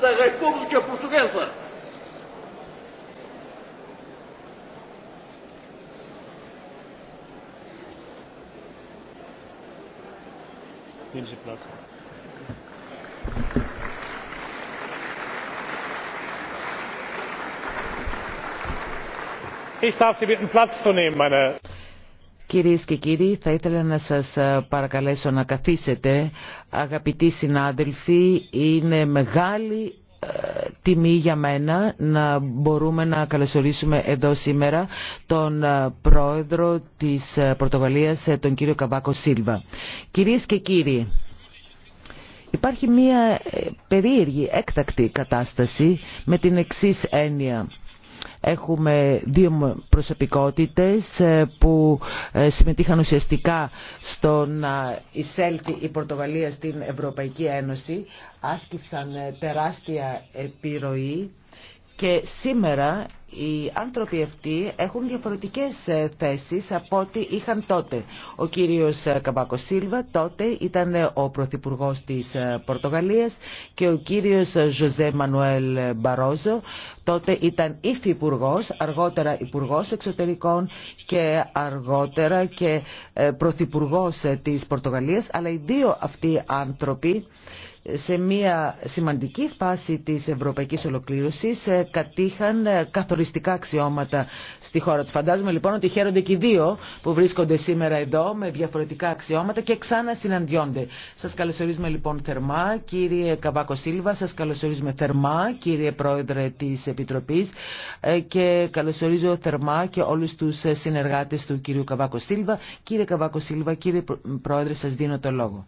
da República Portuguesa. Ich darf Sie bitten, Platz zu nehmen, meine Κυρίες και κύριοι, θα ήθελα να σας ε, παρακαλέσω να καθίσετε. Αγαπητοί συνάδελφοι, είναι μεγάλη ε, τιμή για μένα να μπορούμε να καλωσορίσουμε εδώ σήμερα τον ε, πρόεδρο της Πορτογαλίας, τον κύριο Καβάκο Σίλβα. Κυρίες και κύριοι, υπάρχει μια περίεργη έκτακτη κατάσταση με την εξής έννοια. Έχουμε δύο προσωπικότητες ε, που ε, συμμετείχαν ουσιαστικά στο να εισέλθει η Πορτογαλία στην Ευρωπαϊκή Ένωση. Άσκησαν ε, τεράστια επιρροή και σήμερα οι άνθρωποι αυτοί έχουν διαφορετικές ε, θέσεις από ό,τι είχαν τότε. Ο κύριος ε, Καμπάκο Σίλβα τότε ήταν ε, ο Πρωθυπουργό της Πορτογαλίας και ο κύριος Ζωζέ Μανουέλ Μπαρόζο τότε ήταν υφυπουργό, αργότερα υπουργό εξωτερικών και αργότερα και πρωθυπουργό της Πορτογαλίας αλλά οι δύο αυτοί άνθρωποι σε μια σημαντική φάση της ευρωπαϊκής ολοκλήρωσης ε, κατήχαν ε, καθοριστικά αξιώματα στη χώρα του. Φαντάζομαι λοιπόν ότι χαίρονται και οι δύο που βρίσκονται σήμερα εδώ με διαφορετικά αξιώματα και ξανά συναντιόνται. Σας καλωσορίζουμε λοιπόν θερμά κύριε Καβάκο Σίλβα, σας καλωσορίζουμε θερμά κύριε Πρόεδρε της Επιτροπής ε, και καλωσορίζω θερμά και όλους τους συνεργάτες του κύριου Καβάκο Σίλβα. Κύριε Καβάκο Σίλβα, κύριε Πρόεδρε σας δίνω το λόγο.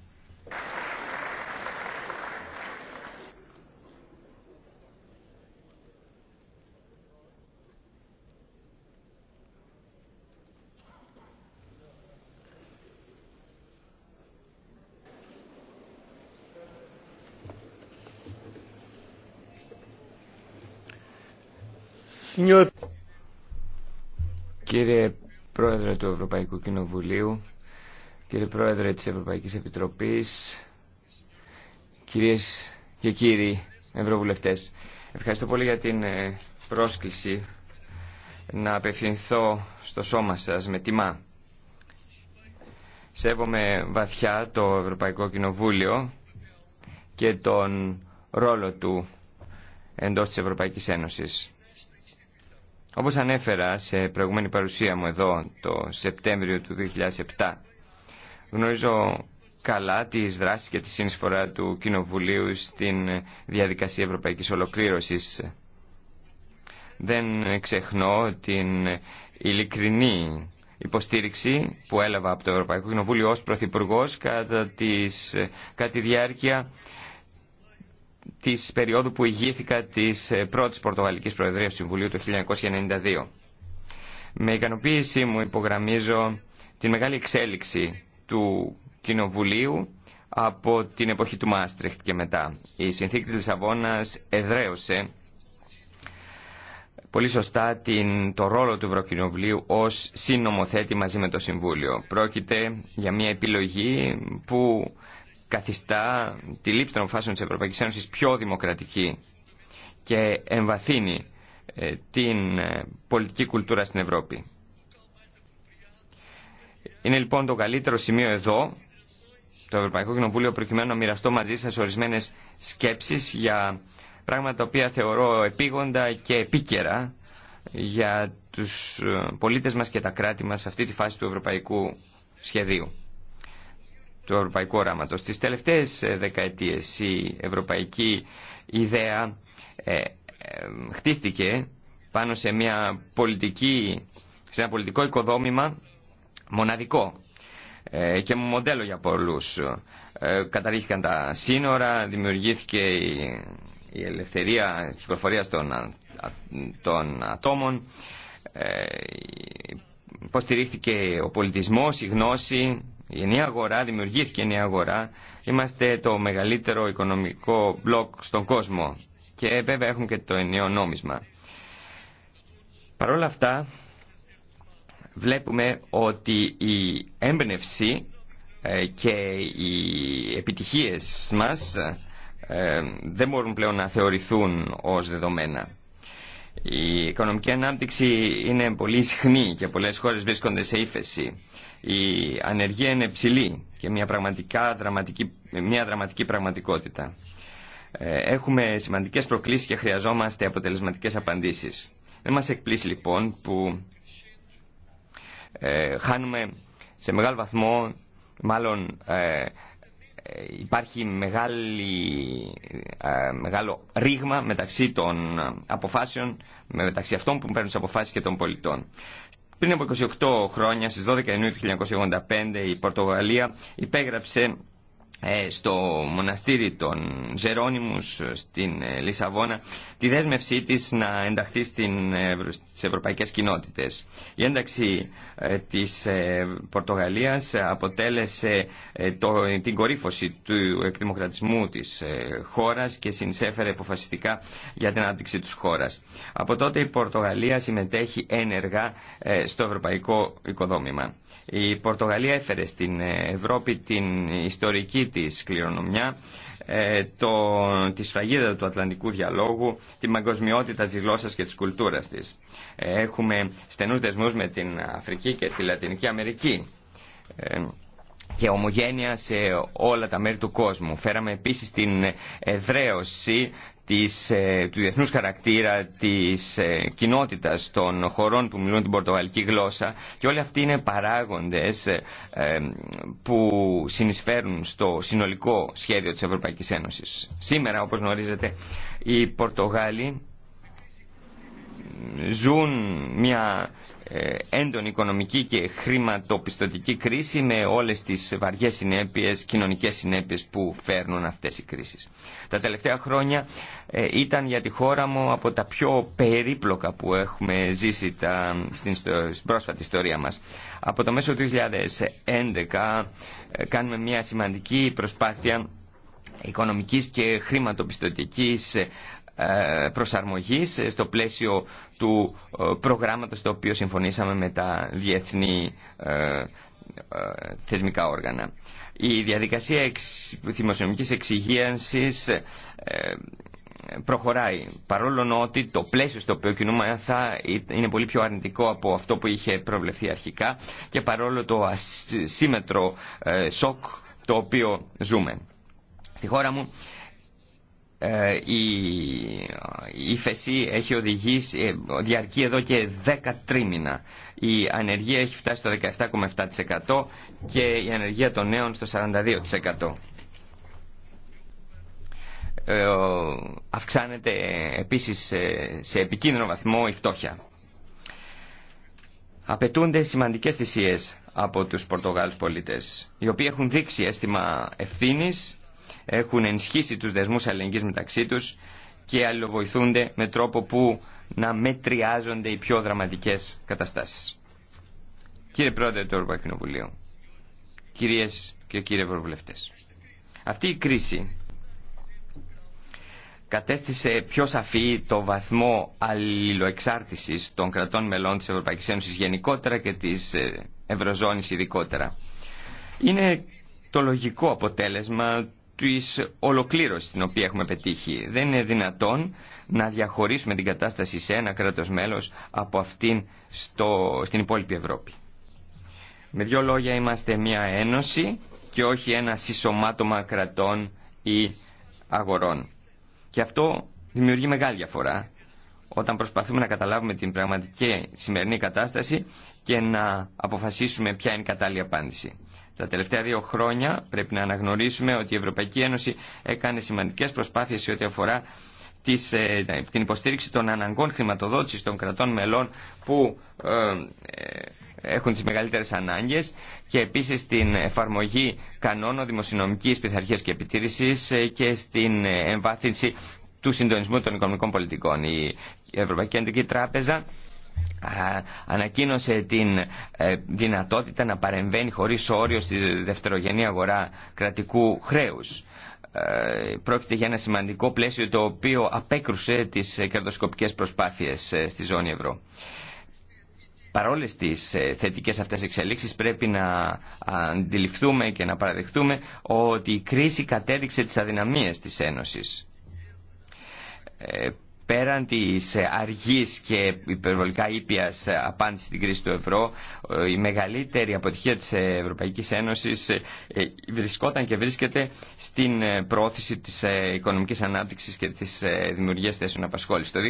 Κύριε... Πρόεδρε του Ευρωπαϊκού Κοινοβουλίου, κύριε Πρόεδρε της Ευρωπαϊκής Επιτροπής, κυρίες και κύριοι Ευρωβουλευτές, ευχαριστώ πολύ για την ε, πρόσκληση να απευθυνθώ στο σώμα σας με τιμά. Σέβομαι βαθιά το Ευρωπαϊκό Κοινοβούλιο και τον ρόλο του εντός της Ευρωπαϊκής Ένωσης. Όπως ανέφερα σε προηγούμενη παρουσία μου εδώ το Σεπτέμβριο του 2007, γνωρίζω καλά τις δράσεις και τη συνεισφορά του Κοινοβουλίου στην διαδικασία ευρωπαϊκής ολοκλήρωσης. Δεν ξεχνώ την ειλικρινή υποστήριξη που έλαβα από το Ευρωπαϊκό Κοινοβούλιο ως Πρωθυπουργός κατά, τις, κατά τη διάρκεια της περίοδου που ηγήθηκα της ε, πρώτης Πορτογαλικής Προεδρίας του Συμβουλίου το 1992. Με ικανοποίησή μου υπογραμμίζω την μεγάλη εξέλιξη του Κοινοβουλίου από την εποχή του Μάστριχτ και μετά. Η συνθήκη της Λισαβόνας εδραίωσε πολύ σωστά την, το ρόλο του Ευρωκοινοβουλίου ως συνομοθέτη μαζί με το Συμβούλιο. Πρόκειται για μια επιλογή που καθιστά τη λήψη των αποφάσεων της Ευρωπαϊκής Ένωσης πιο δημοκρατική και εμβαθύνει ε, την ε, πολιτική κουλτούρα στην Ευρώπη. Είναι λοιπόν το καλύτερο σημείο εδώ, το Ευρωπαϊκό Κοινοβούλιο, προκειμένου να μοιραστώ μαζί σας ορισμένες σκέψεις για πράγματα τα οποία θεωρώ επίγοντα και επίκαιρα για τους ε, πολίτες μας και τα κράτη μας σε αυτή τη φάση του ευρωπαϊκού σχεδίου του ευρωπαϊκού οράματος. Τις τελευταίες ε, δεκαετίες η ευρωπαϊκή ιδέα ε, ε, χτίστηκε πάνω σε, μια πολιτική, σε ένα πολιτικό οικοδόμημα μοναδικό και μοντέλο για πολλούς. καταρρίχθηκαν τα σύνορα, δημιουργήθηκε η ελευθερία της κυκλοφορίας των, των ατόμων, υποστηρίχθηκε ο πολιτισμός, η γνώση, η νέα αγορά, δημιουργήθηκε η νέα αγορά. Είμαστε το μεγαλύτερο οικονομικό μπλοκ στον κόσμο και βέβαια έχουμε και το ενιαίο νόμισμα. Παρ' όλα αυτά βλέπουμε ότι η έμπνευση ε, και οι επιτυχίες μας ε, δεν μπορούν πλέον να θεωρηθούν ως δεδομένα. Η οικονομική ανάπτυξη είναι πολύ συχνή και πολλές χώρες βρίσκονται σε ύφεση. Η ανεργία είναι ψηλή και μια, πραγματικά δραματική, μια δραματική πραγματικότητα. Ε, έχουμε σημαντικές προκλήσεις και χρειαζόμαστε αποτελεσματικές απαντήσεις. Δεν μας εκπλήσει λοιπόν που ε, χάνουμε σε μεγάλο βαθμό, μάλλον ε, υπάρχει ε, μεγάλο ρήγμα μεταξύ των αποφάσεων, μεταξύ αυτών που παίρνουν τι αποφάσεις και των πολιτών. Πριν από 28 χρόνια, στις 12 Ιανουαρίου του 1985, η Πορτογαλία υπέγραψε ε, στο μοναστήρι των Ζερόνιμους στην ε, Λισαβόνα τη δέσμευσή της να ενταχθεί στην, ε, στις ευρωπαϊκές κοινότητες. Η ένταξη της Πορτογαλίας αποτέλεσε το, την κορύφωση του εκδημοκρατισμού της χώρας και συνσέφερε αποφασιστικά για την ανάπτυξη της χώρας. Από τότε η Πορτογαλία συμμετέχει ενεργά στο ευρωπαϊκό οικοδόμημα. Η Πορτογαλία έφερε στην Ευρώπη την ιστορική τη σκληρονομιά, ε, το, τη σφραγίδα του Ατλαντικού Διαλόγου, τη μαγκοσμιότητα της γλώσσας και της κουλτούρας της. Ε, έχουμε στενούς δεσμούς με την Αφρική και τη Λατινική Αμερική. Ε, και ομογένεια σε όλα τα μέρη του κόσμου. Φέραμε επίσης την ε, εδραίωση της, ε, του διεθνούς χαρακτήρα της ε, κοινότητας των χωρών που μιλούν την πορτογαλική γλώσσα και όλοι αυτοί είναι παράγοντες που συνεισφέρουν στο συνολικό σχέδιο της Ευρωπαϊκής Ένωσης. Σήμερα, όπως γνωρίζετε, οι Πορτογάλοι ζουν μια ε, έντονη οικονομική και χρηματοπιστωτική κρίση με όλες τις βαριές συνέπειες, κοινωνικές συνέπειες που φέρνουν αυτές οι κρίσεις. Τα τελευταία χρόνια ε, ήταν για τη χώρα μου από τα πιο περίπλοκα που έχουμε ζήσει τα, στην, στην πρόσφατη ιστορία μας. Από το μέσο του 2011 ε, κάνουμε μια σημαντική προσπάθεια οικονομικής και χρηματοπιστωτικής ε, προσαρμογής ε, στο πλαίσιο του ε, προγράμματος το οποίο συμφωνήσαμε με τα διεθνή θεσμικά όργανα. Η διαδικασία εξ, δημοσιονομικής εξυγίανσης προχωράει. Παρόλο ότι το πλαίσιο στο οποίο κινούμε είναι πολύ πιο αρνητικό από αυτό που είχε προβλεφθεί αρχικά και παρόλο το ασύμετρο σοκ το οποίο ζούμε. Στη χώρα μου ε, η ύφεση έχει οδηγήσει, ε, διαρκεί εδώ και 10 τρίμηνα. Η ανεργία έχει φτάσει στο 17,7% και η ανεργία των νέων στο 42%. Ε, αυξάνεται επίσης σε επικίνδυνο βαθμό η φτώχεια. Απαιτούνται σημαντικές θυσίες από τους Πορτογάλους πολίτες, οι οποίοι έχουν δείξει αίσθημα ευθύνης έχουν ενισχύσει τους δεσμούς αλληλεγγύης μεταξύ τους και αλληλοβοηθούνται με τρόπο που να μετριάζονται οι πιο δραματικές καταστάσεις. Κύριε Πρόεδρε του Ευρωπαϊκού Κοινοβουλίου, κυρίες και κύριοι Ευρωβουλευτές, αυτή η κρίση κατέστησε πιο σαφή το βαθμό αλληλοεξάρτησης των κρατών μελών της Ευρωπαϊκής Ένωσης γενικότερα και της ε, Ευρωζώνης ειδικότερα. Είναι το λογικό αποτέλεσμα Τη ολοκλήρωση την οποία έχουμε πετύχει. Δεν είναι δυνατόν να διαχωρίσουμε την κατάσταση σε ένα κράτος μέλος από αυτήν στο, στην υπόλοιπη Ευρώπη. Με δύο λόγια είμαστε μια ένωση και όχι ένα συσσωμάτωμα κρατών ή αγορών. Και αυτό δημιουργεί μεγάλη διαφορά όταν προσπαθούμε να καταλάβουμε την πραγματική σημερινή κατάσταση και να αποφασίσουμε ποια είναι η κατάλληλη απάντηση. Τα τελευταία δύο χρόνια πρέπει να αναγνωρίσουμε ότι η Ευρωπαϊκή Ένωση έκανε σημαντικές προσπάθειες σε ό,τι αφορά της, ε, την υποστήριξη των αναγκών χρηματοδότησης των κρατών μελών που ε, ε, έχουν τις μεγαλύτερες ανάγκες και επίσης την εφαρμογή κανόνων δημοσιονομικής πειθαρχίας και επιτήρησης και στην εμβάθυνση του συντονισμού των οικονομικών πολιτικών. Η Ευρωπαϊκή Αντική Τράπεζα ανακοίνωσε την ε, δυνατότητα να παρεμβαίνει χωρίς όριο στη δευτερογενή αγορά κρατικού χρέους. Ε, πρόκειται για ένα σημαντικό πλαίσιο το οποίο απέκρουσε τις ε, κερδοσκοπικές προσπάθειες στη ζώνη ευρώ. Παρόλε τι θετικέ αυτέ εξελίξει, πρέπει να αντιληφθούμε και να παραδεχτούμε ότι η κρίση κατέδειξε τι της τη Ένωση πέραν της αργής και υπερβολικά ήπιας απάντησης στην κρίση του ευρώ, ε, η μεγαλύτερη αποτυχία της Ευρωπαϊκής Ένωσης ε, βρισκόταν και βρίσκεται στην ε, πρόθεση της οικονομικής ανάπτυξης και της δημιουργίας θέσεων απασχόλησης. Το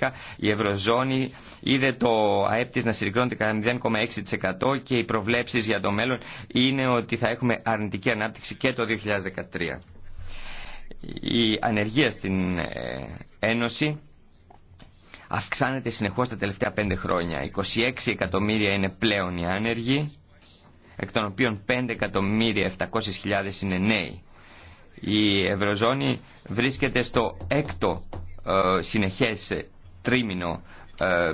2012 η Ευρωζώνη είδε το ΑΕΠ τη να συρρυκνώνεται κατά 0,6% και οι προβλέψεις για το μέλλον είναι ότι θα έχουμε αρνητική ανάπτυξη και το 2013. Η ανεργία στην ε, Ένωση αυξάνεται συνεχώς τα τελευταία πέντε χρόνια. 26 εκατομμύρια είναι πλέον οι άνεργοι, εκ των οποίων 5 εκατομμύρια 700.000 είναι νέοι. Η Ευρωζώνη βρίσκεται στο έκτο ε, συνεχές τρίμηνο ε,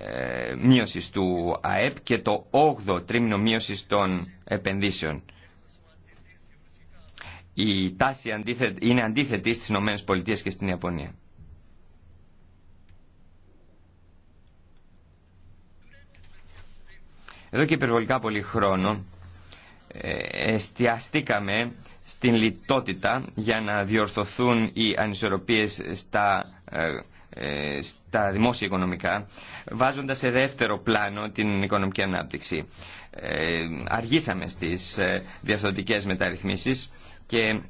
ε μείωσης του ΑΕΠ και το 8ο τρίμηνο μείωσης των επενδύσεων η τάση είναι αντίθετη στις Ηνωμένες Πολιτείες και στην Ιαπωνία. Εδώ και υπερβολικά πολύ χρόνο ε, εστιαστήκαμε στην λιτότητα για να διορθωθούν οι ανισορροπίες ε, ε, στα, δημόσια οικονομικά, βάζοντας σε δεύτερο πλάνο την οικονομική ανάπτυξη. αργήσαμε στις ε, μεταρρυθμίσεις και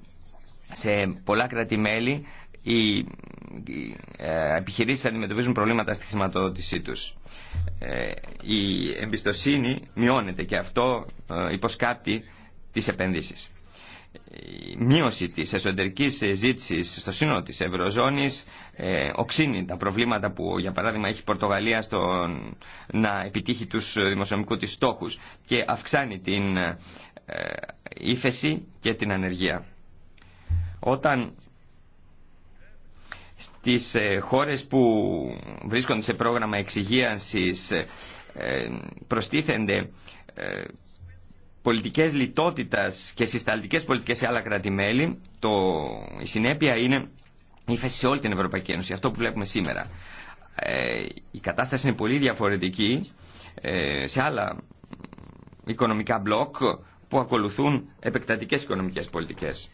σε πολλά κράτη-μέλη οι ε, επιχειρήσεις αντιμετωπίζουν προβλήματα στη χρηματοδότησή τους. Ε, η εμπιστοσύνη μειώνεται και αυτό ε, υποσκάπτει τις επενδύσεις. Η μείωση της εσωτερικής ζήτησης στο σύνολο της Ευρωζώνης οξύνει τα προβλήματα που για παράδειγμα έχει η Πορτογαλία στο να επιτύχει τους δημοσιονομικούς της στόχους και αυξάνει την ύφεση και την ανεργία. Όταν στις ε, χώρες που βρίσκονται σε πρόγραμμα εξυγίανσης ε, προστίθενται ε, πολιτικές λιτότητας και συσταλτικές πολιτικές σε άλλα κράτη-μέλη, η συνέπεια είναι ύφεση σε όλη την Ευρωπαϊκή Ένωση, αυτό που βλέπουμε σήμερα. η κατάσταση είναι πολύ διαφορετική σε άλλα οικονομικά μπλοκ που ακολουθούν επεκτατικές οικονομικές πολιτικές.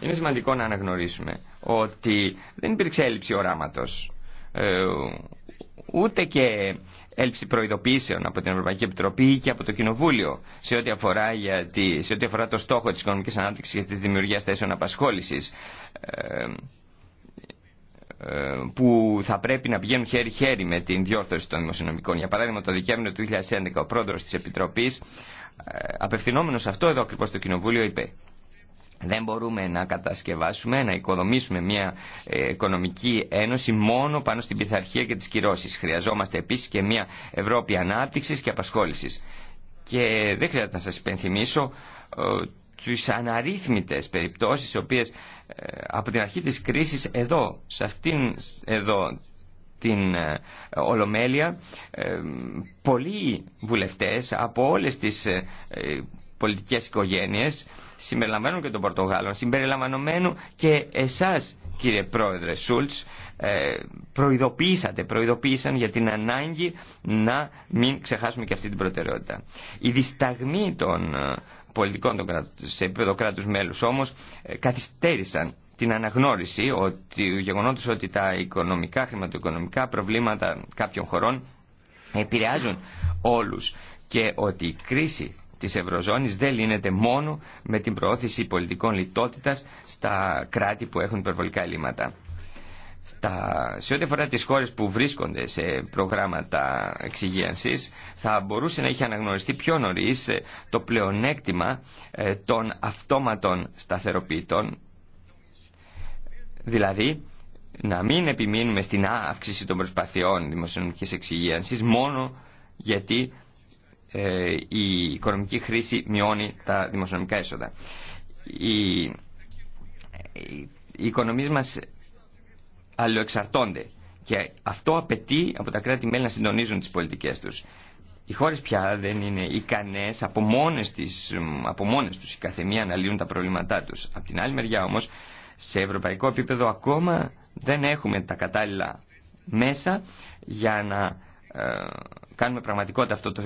Είναι σημαντικό να αναγνωρίσουμε ότι δεν υπήρξε έλλειψη οράματος, ε, ούτε και έλλειψη προειδοποιήσεων από την Ευρωπαϊκή Επιτροπή ή και από το Κοινοβούλιο σε ό,τι αφορά, αφορά το στόχο της οικονομικής ανάπτυξης και της δημιουργίας θέσεων απασχόλησης ε, ε, που θα πρέπει να πηγαίνουν χέρι-χέρι με την διόρθωση των δημοσιονομικών. Για παράδειγμα, το Δεκέμβριο του 2011 ο πρόεδρος τη Επιτροπή. Ε, απευθυνόμενο σε αυτό εδώ ακριβώ το Κοινοβούλιο είπε δεν μπορούμε να κατασκευάσουμε, να οικοδομήσουμε μια ε, οικονομική ένωση μόνο πάνω στην πειθαρχία και τις κυρώσεις. Χρειαζόμαστε επίσης και μια Ευρώπη ανάπτυξης και απασχόλησης. Και δεν χρειάζεται να σας υπενθυμίσω ε, τους αναρρύθμιτες περιπτώσεις οι οποίες από την αρχή της κρίσης εδώ, σε αυτήν εδώ την ε, Ολομέλεια ε, πολλοί βουλευτές από όλες τις ε, πολιτικές οικογένειες συμπεριλαμβάνουν και των Πορτογάλων συμπεριλαμβανομένου και εσάς κύριε Πρόεδρε Σούλτς προειδοποίησατε, προειδοποίησαν για την ανάγκη να μην ξεχάσουμε και αυτή την προτεραιότητα. Η δισταγμή των πολιτικών σε επίπεδο κράτους μέλους όμως καθυστέρησαν την αναγνώριση ότι ο γεγονότος ότι τα οικονομικά, χρηματοοικονομικά προβλήματα κάποιων χωρών επηρεάζουν όλους και ότι η κρίση της Ευρωζώνης δεν λύνεται μόνο με την προώθηση πολιτικών λιτότητας στα κράτη που έχουν υπερβολικά ελλείμματα. Στα, σε ό,τι αφορά τις χώρες που βρίσκονται σε προγράμματα εξυγίανσης θα μπορούσε να έχει αναγνωριστεί πιο νωρίς το πλεονέκτημα ε, των αυτόματων σταθεροποιητών Δηλαδή, να μην επιμείνουμε στην αύξηση των προσπαθειών δημοσιονομικής εξυγίανσης μόνο γιατί ε, η οικονομική χρήση μειώνει τα δημοσιονομικά έσοδα. Οι, οι, οι οικονομίες μας αλλοεξαρτώνται και αυτό απαιτεί από τα κράτη-μέλη να συντονίζουν τις πολιτικές τους. Οι χώρες πια δεν είναι ικανές από μόνες, τις, από μόνες τους, η καθεμία αναλύουν τα προβλήματά τους. Από την άλλη μεριά όμως σε ευρωπαϊκό επίπεδο ακόμα δεν έχουμε τα κατάλληλα μέσα για να ε, κάνουμε πραγματικότητα αυτό το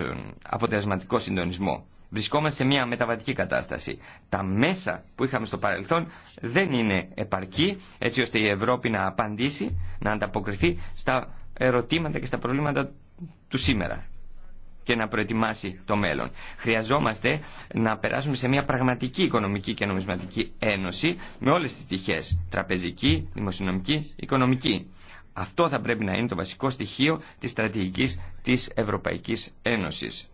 αποτελεσματικό συντονισμό. Βρισκόμαστε σε μια μεταβατική κατάσταση. Τα μέσα που είχαμε στο παρελθόν δεν είναι επαρκή έτσι ώστε η Ευρώπη να απαντήσει, να ανταποκριθεί στα ερωτήματα και στα προβλήματα του σήμερα και να προετοιμάσει το μέλλον. Χρειαζόμαστε να περάσουμε σε μια πραγματική οικονομική και νομισματική ένωση με όλες τις πτυχές, τραπεζική, δημοσιονομική, οικονομική. Αυτό θα πρέπει να είναι το βασικό στοιχείο της στρατηγικής της Ευρωπαϊκής Ένωσης.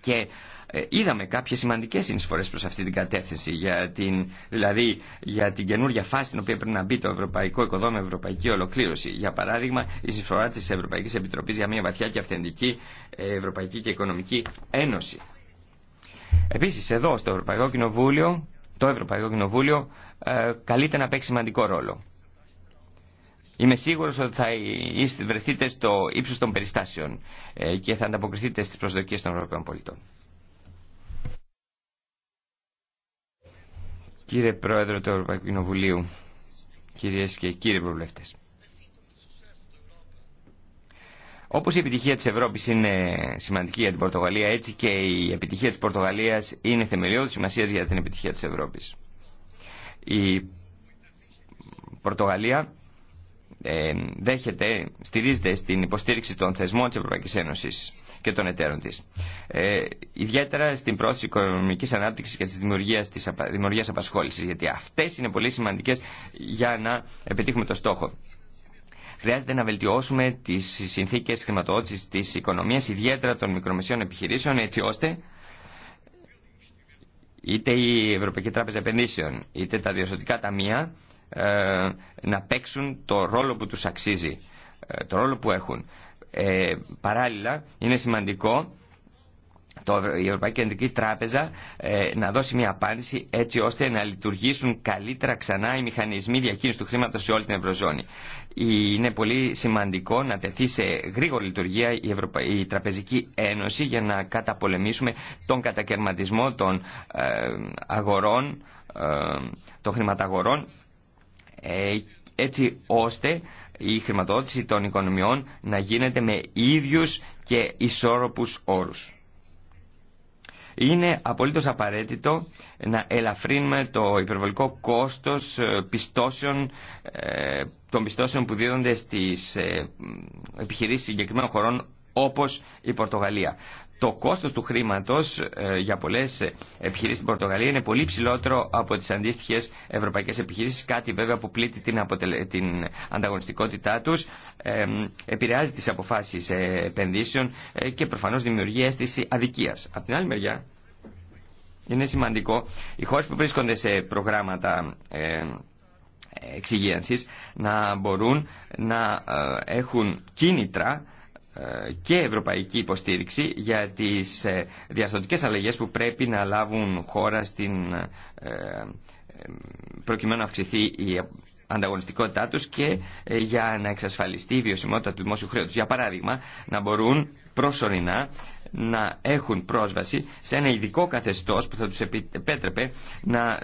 Και ε, είδαμε κάποιες σημαντικές συνεισφορές προς αυτή την κατεύθυνση, για την, δηλαδή για την καινούργια φάση στην οποία πρέπει να μπει το ευρωπαϊκό οικοδόμημα, ευρωπαϊκή ολοκλήρωση. Για παράδειγμα, η συνεισφορά της Ευρωπαϊκής Επιτροπής για μια βαθιά και αυθεντική ε, Ευρωπαϊκή και Οικονομική Ένωση. Επίσης, εδώ στο Ευρωπαϊκό Κοινοβούλιο, το Ευρωπαϊκό Κοινοβούλιο ε, καλείται να παίξει σημαντικό ρόλο. Είμαι σίγουρος ότι θα βρεθείτε στο ύψος των περιστάσεων ε, και θα ανταποκριθείτε στις προσδοκίες των Ευρωπαίων πολιτών. Κύριε Πρόεδρο του Ευρωπαϊκού Κοινοβουλίου, κυρίες και κύριοι προβλεφτές. Όπως η επιτυχία της Ευρώπης είναι σημαντική για την Πορτογαλία, έτσι και η επιτυχία της Πορτογαλίας είναι θεμελιώδης σημασία για την επιτυχία της Ευρώπης. Η Πορτογαλία ε, δέχεται, στηρίζεται στην υποστήριξη των θεσμών της Ευρωπαϊκής Ένωσης και των εταίρων τη. Ε, ιδιαίτερα στην πρόθεση οικονομική ανάπτυξη και τη δημιουργία απασχόληση, γιατί αυτέ είναι πολύ σημαντικέ για να επιτύχουμε το στόχο. Χρειάζεται να βελτιώσουμε τι συνθήκε χρηματοδότηση τη οικονομία ιδιαίτερα των μικρομεσαίων επιχειρήσεων, έτσι ώστε είτε η Ευρωπαϊκή Τράπεζα Επενδύσεων, είτε τα διορθωτικά ταμεία ε, να παίξουν το ρόλο που τους αξίζει, ε, το ρόλο που έχουν. Ε, παράλληλα, είναι σημαντικό το, η Ευρωπαϊκή Κεντρική Τράπεζα ε, να δώσει μια απάντηση έτσι ώστε να λειτουργήσουν καλύτερα ξανά οι μηχανισμοί διακίνηση του χρήματο σε όλη την Ευρωζώνη. Είναι πολύ σημαντικό να τεθεί σε γρήγορη λειτουργία η, Ευρωπα... Τραπεζική Ένωση για να καταπολεμήσουμε τον κατακαιρματισμό των ε, αγορών, των χρηματαγορών έτσι ώστε η χρηματοδότηση των οικονομιών να γίνεται με ίδιους και ισόρροπους όρους. Είναι απολύτως απαραίτητο να ελαφρύνουμε το υπερβολικό κόστος ε, πιστώσεων, ε, των πιστώσεων που δίδονται στις ε, επιχειρήσεις συγκεκριμένων χωρών όπως η Πορτογαλία το κόστος του χρήματος ε, για πολλές επιχειρήσεις στην Πορτογαλία είναι πολύ ψηλότερο από τις αντίστοιχες ευρωπαϊκές επιχειρήσεις, κάτι βέβαια που πλήττει την, την ανταγωνιστικότητά τους, επηρεάζει τις αποφάσεις ε, επενδύσεων ε, και προφανώς δημιουργεί αίσθηση αδικίας. Από την άλλη μεριά, είναι σημαντικό οι χώρες που βρίσκονται σε προγράμματα εξυγίανσης να μπορούν να έχουν κίνητρα ε, και ευρωπαϊκή υποστήριξη για τις ε, διαστοτικές αλλαγές που πρέπει να λάβουν χώρα στην, ε, προκειμένου να αυξηθεί η ανταγωνιστικότητά τους και για να εξασφαλιστεί η βιωσιμότητα του δημόσιου χρέους. Για παράδειγμα, να μπορούν προσωρινά να έχουν πρόσβαση σε ένα ειδικό καθεστώς που θα τους επέτρεπε να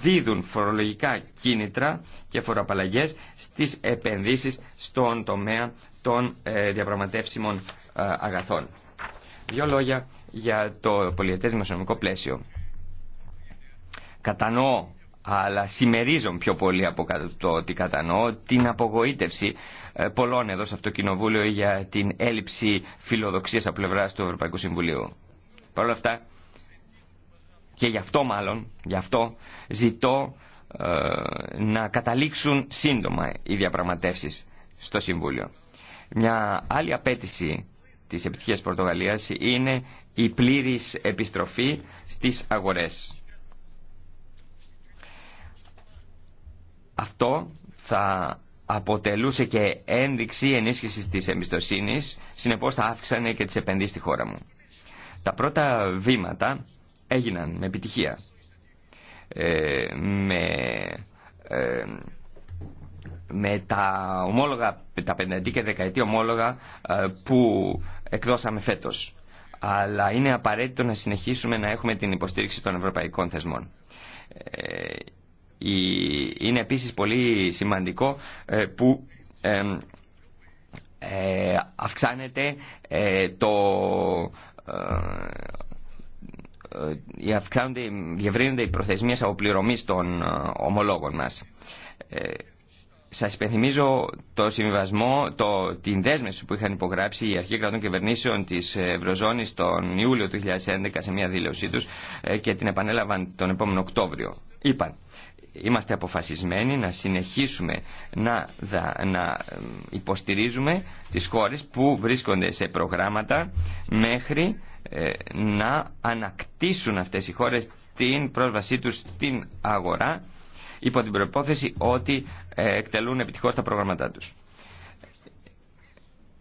δίδουν φορολογικά κίνητρα και φοροαπαλλαγές στις επενδύσεις στον τομέα των ε, διαπραγματεύσιμων ε, αγαθών. Δύο λόγια για το πολιετές δημοσιονομικό πλαίσιο. Κατανοώ, αλλά συμμερίζω πιο πολύ από το ότι κατανοώ, την απογοήτευση ε, πολλών εδώ σε αυτό το κοινοβούλιο για την έλλειψη φιλοδοξίας από πλευρά του Ευρωπαϊκού Συμβουλίου. Παρ' όλα αυτά, και γι' αυτό μάλλον, γι' αυτό ζητώ να καταλήξουν σύντομα οι διαπραγματεύσεις στο Συμβούλιο. Μια άλλη απέτηση της επιτυχίας Πορτογαλίας είναι η πλήρης επιστροφή στις αγορές. Αυτό θα αποτελούσε και ένδειξη ενίσχυσης της εμπιστοσύνης, συνεπώς θα αύξανε και τις επενδύσεις στη χώρα μου. Τα πρώτα βήματα έγιναν με επιτυχία. Ε, με, ε, με τα ομόλογα, τα πενταετή και δεκαετή ομόλογα ε, που εκδώσαμε φέτος. Αλλά είναι απαραίτητο να συνεχίσουμε να έχουμε την υποστήριξη των ευρωπαϊκών θεσμών. Ε, είναι επίσης πολύ σημαντικό ε, που αυξάνεται το αυξάνονται, διευρύνονται οι προθεσμίες αποπληρωμής των ομολόγων μας. Σα υπενθυμίζω το συμβιβασμό, το, την δέσμευση που είχαν υπογράψει οι αρχή κρατών κυβερνήσεων τη Ευρωζώνη τον Ιούλιο του 2011 σε μια δήλωσή του ε, και την επανέλαβαν τον επόμενο Οκτώβριο. Είπαν, είμαστε αποφασισμένοι να συνεχίσουμε να, να ε, υποστηρίζουμε τις χώρες που βρίσκονται σε προγράμματα μέχρι ε, να ανακτήσουν αυτές οι χώρες την πρόσβασή τους στην αγορά υπό την προπόθεση ότι ε, εκτελούν επιτυχώς τα προγράμματά τους.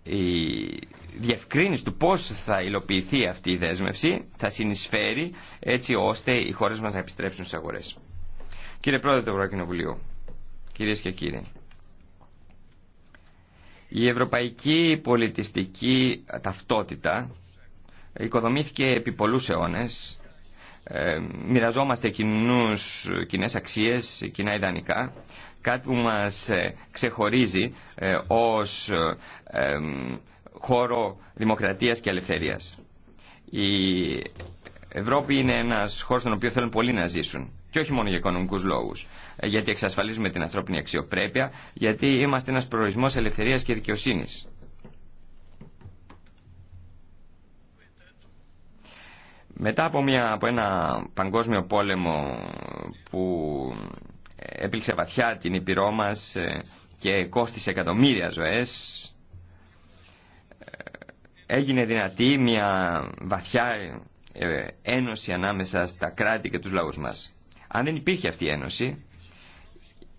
Η διευκρίνηση του πώς θα υλοποιηθεί αυτή η δέσμευση θα συνεισφέρει έτσι ώστε οι χώρες μας να επιστρέψουν στις αγορές. Κύριε Πρόεδρε του Ευρωκοινοβουλίου, κυρίες και κύριοι, η ευρωπαϊκή πολιτιστική ταυτότητα οικοδομήθηκε επί πολλούς αιώνες ε, μοιραζόμαστε κοινούς, κοινές αξίες, κοινά ιδανικά, κάτι που μας ε, ξεχωρίζει ε, ως χώρο δημοκρατίας και ελευθερίας. Η Ευρώπη είναι ένας χώρος στον οποίο θέλουν πολλοί να ζήσουν. Και όχι μόνο για οικονομικούς λόγους. Γιατί εξασφαλίζουμε την ανθρώπινη αξιοπρέπεια, γιατί είμαστε ένας προορισμός ελευθερίας και δικαιοσύνης. Μετά από, μια, από ένα παγκόσμιο πόλεμο που έπληξε βαθιά την Ήπειρό μας ε, και κόστισε εκατομμύρια ζωές, ε, έγινε δυνατή μια βαθιά ε, ένωση ανάμεσα στα κράτη και τους λαούς μας. Αν δεν υπήρχε αυτή η ένωση,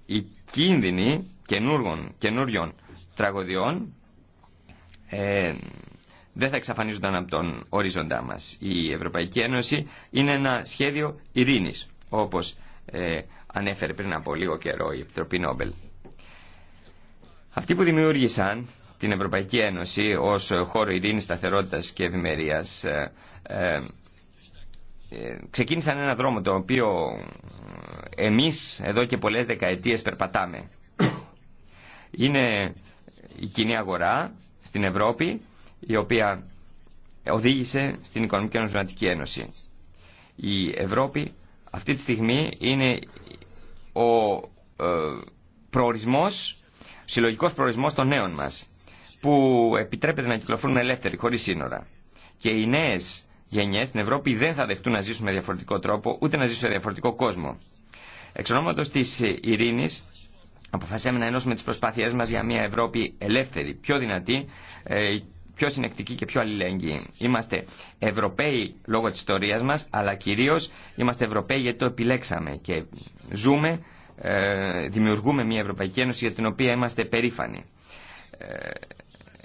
η κίνδυνη καινούργων, καινούριων τραγωδιών ε, δεν θα εξαφανίζονταν από τον οριζοντά μας. Η Ευρωπαϊκή Ένωση είναι ένα σχέδιο ειρήνης, όπως ε, ανέφερε πριν από λίγο καιρό η Επιτροπή Νόμπελ. Αυτοί που δημιούργησαν την Ευρωπαϊκή Ένωση ως χώρο ειρήνης, σταθερότητας και ευημερίας ε, ε, ξεκίνησαν ένα δρόμο το οποίο εμείς εδώ και πολλές δεκαετίες περπατάμε. Είναι η κοινή αγορά στην Ευρώπη η οποία οδήγησε στην Οικονομική Νομισματική Ένωση. Η Ευρώπη αυτή τη στιγμή είναι ο ε, προορισμός, συλλογικός προορισμός των νέων μας που επιτρέπεται να κυκλοφορούν ελεύθεροι, χωρίς σύνορα. Και οι νέες γενιές στην Ευρώπη δεν θα δεχτούν να ζήσουν με διαφορετικό τρόπο, ούτε να ζήσουν σε διαφορετικό κόσμο. Εξ ονόματος της ειρήνης, αποφασίσαμε να ενώσουμε τις προσπάθειές μας για μια Ευρώπη ελεύθερη, πιο δυνατή ε, πιο συνεκτικοί και πιο αλληλέγγυοι. Είμαστε Ευρωπαίοι λόγω της ιστορίας μας, αλλά κυρίως είμαστε Ευρωπαίοι γιατί το επιλέξαμε και ζούμε, ε, δημιουργούμε μια Ευρωπαϊκή Ένωση για την οποία είμαστε περήφανοι. Ε,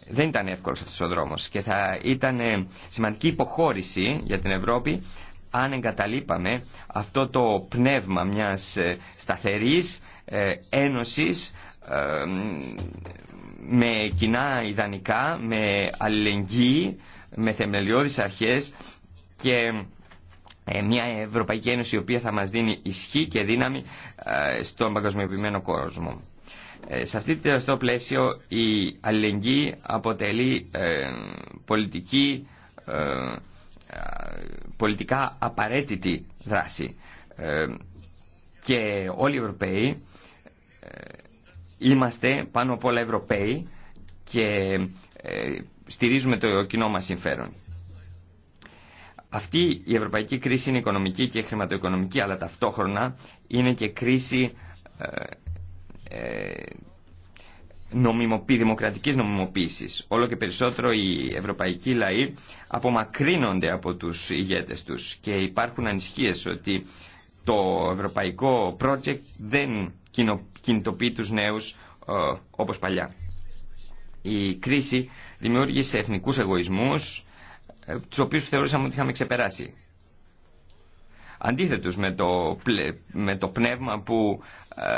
δεν ήταν εύκολος αυτός ο δρόμος και θα ήταν ε, σημαντική υποχώρηση για την Ευρώπη αν εγκαταλείπαμε αυτό το πνεύμα μιας σταθερής ένωσης με κοινά ιδανικά, με αλληλεγγύη, με θεμελιώδεις αρχές και ε, μια Ευρωπαϊκή Ένωση η οποία θα μας δίνει ισχύ και δύναμη ε, στον παγκοσμιοποιημένο κόσμο. Ε, σε αυτή το πλαίσιο η αλληλεγγύη αποτελεί πολιτική, πολιτικά απαραίτητη δράση και όλοι οι Ευρωπαίοι Είμαστε πάνω απ' όλα Ευρωπαίοι και ε, στηρίζουμε το κοινό μας συμφέρον. Αυτή η ευρωπαϊκή κρίση είναι οικονομική και χρηματοοικονομική, αλλά ταυτόχρονα είναι και κρίση δημοκρατική ε, ε, δημοκρατικής νομιμοποίησης. Όλο και περισσότερο οι ευρωπαϊκοί λαοί απομακρύνονται από τους ηγέτες τους και υπάρχουν ανησυχίες ότι το ευρωπαϊκό project δεν κινητοποιεί τους νέους ε, όπως παλιά. Η κρίση δημιούργησε εθνικούς εγωισμούς, ε, τους οποίους θεωρούσαμε ότι είχαμε ξεπεράσει. Αντίθετος με το, με το πνεύμα που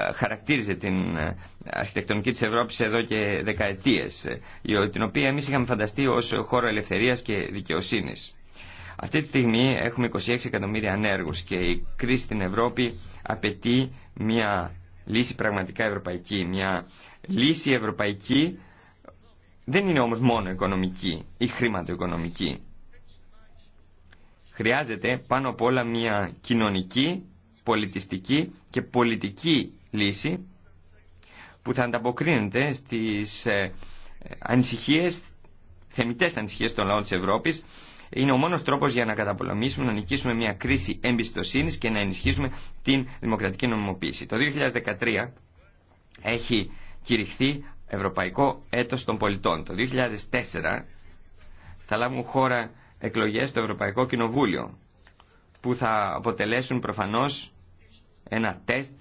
ε, χαρακτήριζε την αρχιτεκτονική της Ευρώπης εδώ και δεκαετίες, την οποία εμείς είχαμε φανταστεί ως χώρο ελευθερίας και δικαιοσύνης. Αυτή τη στιγμή έχουμε 26 εκατομμύρια ανέργους και η κρίση στην Ευρώπη απαιτεί μια λύση πραγματικά ευρωπαϊκή. Μια λύση ευρωπαϊκή δεν είναι όμως μόνο οικονομική ή χρηματοοικονομική. Χρειάζεται πάνω απ' όλα μια κοινωνική, πολιτιστική και πολιτική λύση που θα ανταποκρίνεται στις ε, ανησυχίες, θεμητές ανησυχίες των λαών της Ευρώπης είναι ο μόνος τρόπος για να καταπολεμήσουμε, να νικήσουμε μια κρίση εμπιστοσύνης και να ενισχύσουμε την δημοκρατική νομιμοποίηση. Το 2013 έχει κηρυχθεί Ευρωπαϊκό Έτος των Πολιτών. Το 2004 θα λάβουν χώρα εκλογές στο Ευρωπαϊκό Κοινοβούλιο που θα αποτελέσουν προφανώς ένα τεστ,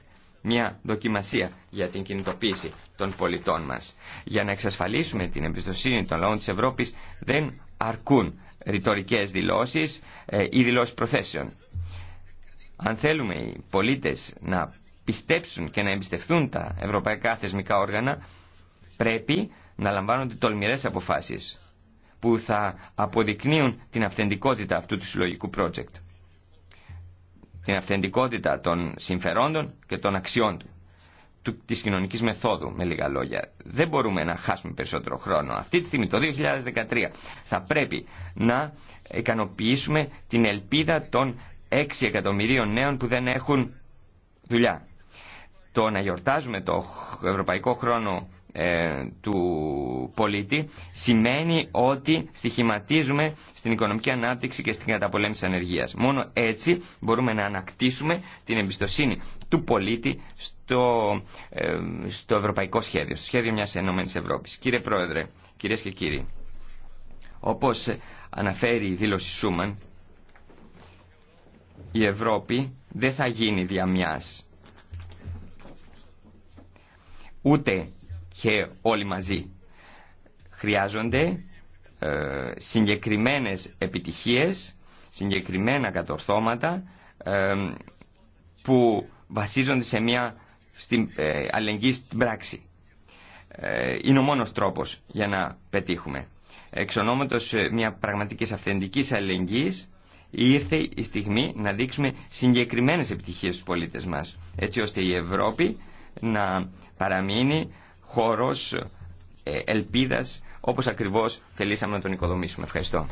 μια δοκιμασία για την κινητοποίηση των πολιτών μας. Για να εξασφαλίσουμε την εμπιστοσύνη των λαών της Ευρώπης δεν αρκούν ρητορικές δηλώσεις ε, ή δηλώσεις προθέσεων. Αν θέλουμε οι πολίτες να πιστέψουν και να εμπιστευτούν τα ευρωπαϊκά θεσμικά όργανα, πρέπει να λαμβάνονται τολμηρές αποφάσεις που θα αποδεικνύουν την αυθεντικότητα αυτού του συλλογικού project. Την αυθεντικότητα των συμφερόντων και των αξιών του της κοινωνικής μεθόδου, με λίγα λόγια. Δεν μπορούμε να χάσουμε περισσότερο χρόνο. Αυτή τη στιγμή, το 2013, θα πρέπει να ικανοποιήσουμε την ελπίδα των 6 εκατομμυρίων νέων που δεν έχουν δουλειά. Το να γιορτάζουμε το Ευρωπαϊκό Χρόνο ε, του πολίτη σημαίνει ότι στοιχηματίζουμε στην οικονομική ανάπτυξη και στην καταπολέμηση ανεργίας. Μόνο έτσι μπορούμε να ανακτήσουμε την εμπιστοσύνη του πολίτη στο, ε, στο ευρωπαϊκό σχέδιο, στο σχέδιο μιας Ενωμένης Ευρώπης. Κύριε Πρόεδρε, κυρίες και κύριοι, όπως αναφέρει η δήλωση Σούμαν, η Ευρώπη δεν θα γίνει διαμιάς Ούτε και όλοι μαζί. Χρειάζονται ε, συγκεκριμένες επιτυχίες, συγκεκριμένα κατορθώματα ε, που βασίζονται σε μια στην, ε, αλληλεγγύη στην πράξη. Ε, είναι ο μόνος τρόπος για να πετύχουμε. Εξ ε, μια πραγματικής αυθεντικής αλληλεγγύης ήρθε η στιγμή να δείξουμε συγκεκριμένες επιτυχίες στους πολίτες μας, έτσι ώστε η Ευρώπη να παραμείνει χώρος ε, ελπίδας όπως ακριβώς θελήσαμε να τον οικοδομήσουμε. Ευχαριστώ.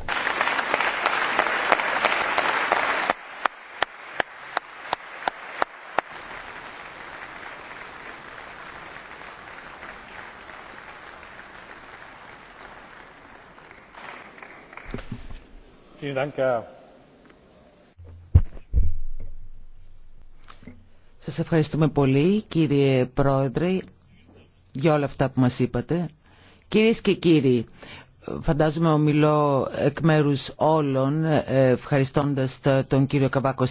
Σας ευχαριστούμε πολύ κύριε Πρόεδρε για όλα αυτά που μας είπατε. Κυρίες και κύριοι, φαντάζομαι ομιλώ εκ μέρους όλων ε, ευχαριστώντας τον κύριο Καβάκο